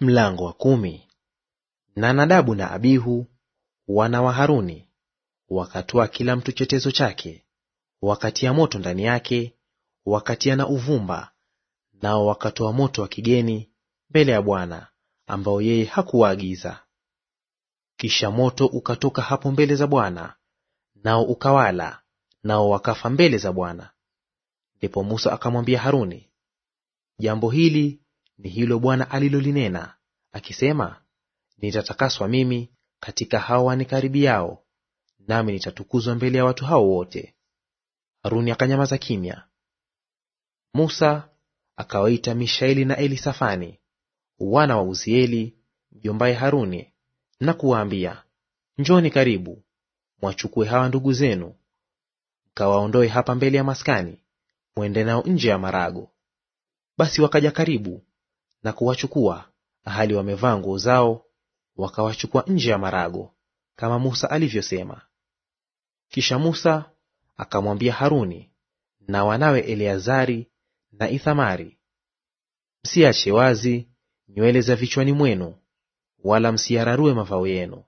Mlango wa kumi. Na Nadabu na Abihu wana wa Haruni wakatoa kila mtu chetezo chake, wakatia moto ndani yake, wakatia na uvumba, nao wakatoa moto wa kigeni mbele ya Bwana ambao yeye hakuwaagiza. Kisha moto ukatoka hapo mbele za Bwana, nao ukawala, nao wakafa mbele za Bwana. Ndipo Musa akamwambia Haruni, jambo hili ni hilo Bwana alilolinena akisema, nitatakaswa mimi katika hao wanikaribiao, nami nitatukuzwa mbele ya watu hao wote. Haruni akanyamaza kimya. Musa akawaita Mishaeli na Elisafani wana wa Uzieli mjombaye Haruni na kuwaambia, njoni karibu, mwachukue hawa ndugu zenu, mkawaondoe hapa mbele ya maskani, mwende nao nje ya marago. Basi wakaja karibu, na kuwachukua hali wamevaa nguo zao, wakawachukua nje ya marago, kama Musa alivyosema. Kisha Musa akamwambia Haruni na wanawe Eleazari na Ithamari, msiache wazi nywele za vichwani mwenu, wala msiyararue mavao yenu,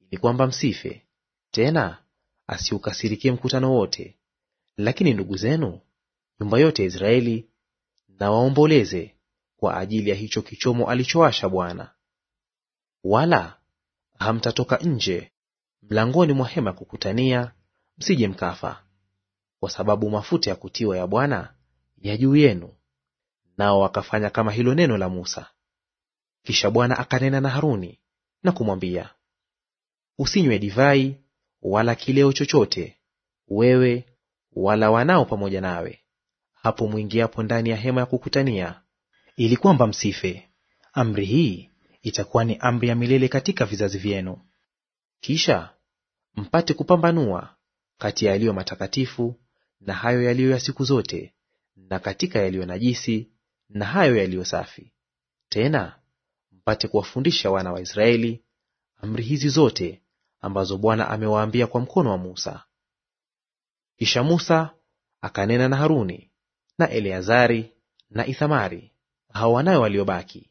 ili kwamba msife; tena asiukasirikie mkutano wote. Lakini ndugu zenu, nyumba yote ya Israeli, na waomboleze kwa ajili ya hicho kichomo alichowasha Bwana. Wala hamtatoka nje mlangoni mwa hema ya kukutania, msije mkafa, kwa sababu mafuta ya kutiwa ya Bwana ya juu yenu. Nao wakafanya kama hilo neno la Musa. Kisha Bwana akanena na Haruni na kumwambia, usinywe divai wala kileo chochote, wewe wala wanao pamoja nawe, hapo mwingiapo ndani ya hema ya kukutania, ili kwamba msife. Amri hii itakuwa ni amri ya milele katika vizazi vyenu. Kisha mpate kupambanua kati ya yaliyo matakatifu na hayo yaliyo ya siku zote, na katika yaliyo najisi na hayo yaliyo safi. Tena mpate kuwafundisha wana wa Israeli amri hizi zote ambazo Bwana amewaambia kwa mkono wa Musa. Kisha Musa akanena na Haruni na Eleazari na Ithamari hao wanawe waliobaki.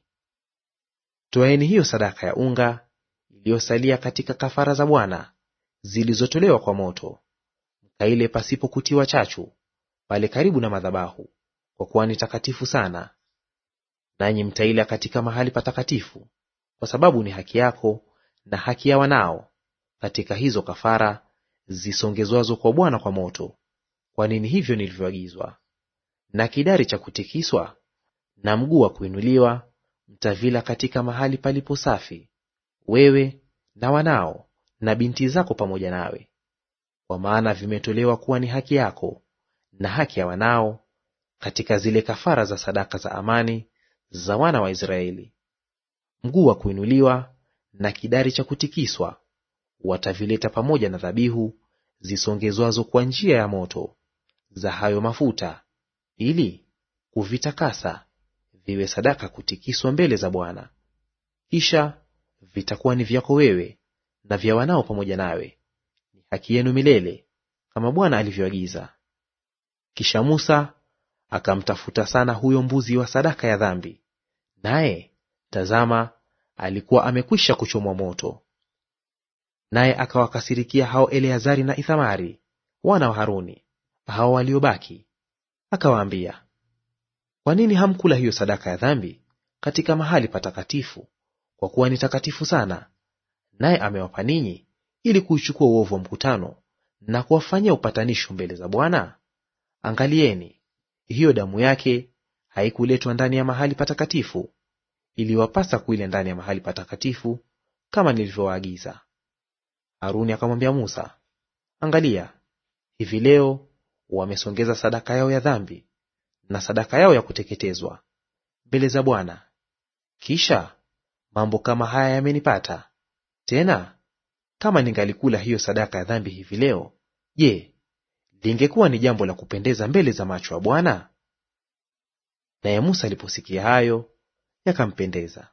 Toaeni hiyo sadaka ya unga iliyosalia katika kafara za Bwana zilizotolewa kwa moto, mkaile pasipo kutiwa chachu pale karibu na madhabahu, kwa kuwa ni takatifu sana. Nanyi mtaila katika mahali patakatifu, kwa sababu ni haki yako na haki ya wanao katika hizo kafara zisongezwazo kwa Bwana kwa moto, kwa nini hivyo nilivyoagizwa. Na kidari cha kutikiswa na mguu wa kuinuliwa mtavila katika mahali palipo safi, wewe na wanao na binti zako pamoja nawe, kwa maana vimetolewa kuwa ni haki yako na haki ya wanao katika zile kafara za sadaka za amani za wana wa Israeli. Mguu wa kuinuliwa na kidari cha kutikiswa watavileta pamoja na dhabihu zisongezwazo kwa njia ya moto za hayo mafuta, ili kuvitakasa iwe sadaka kutikiswa mbele za Bwana. Kisha vitakuwa ni vyako wewe na vya wanao pamoja nawe, ni haki yenu milele, kama Bwana alivyoagiza. Kisha Musa akamtafuta sana huyo mbuzi wa sadaka ya dhambi, naye tazama, alikuwa amekwisha kuchomwa moto. Naye akawakasirikia hao Eleazari na Ithamari wana wa Haruni, hao waliobaki, akawaambia kwa nini hamkula hiyo sadaka ya dhambi katika mahali patakatifu? Kwa kuwa ni takatifu sana. Naye amewapa ninyi ili kuuchukua uovu wa mkutano na kuwafanyia upatanisho mbele za Bwana. Angalieni, hiyo damu yake haikuletwa ndani ya mahali patakatifu; iliwapasa kuila ndani ya mahali patakatifu kama nilivyowaagiza. Haruni akamwambia Musa, Angalia, hivi leo wamesongeza sadaka yao ya dhambi na sadaka yao ya kuteketezwa mbele za Bwana. Kisha mambo kama haya yamenipata tena, kama ningalikula hiyo sadaka ya dhambi hivi leo, je, lingekuwa ni jambo la kupendeza mbele za macho ya Bwana? Naye Musa aliposikia hayo yakampendeza.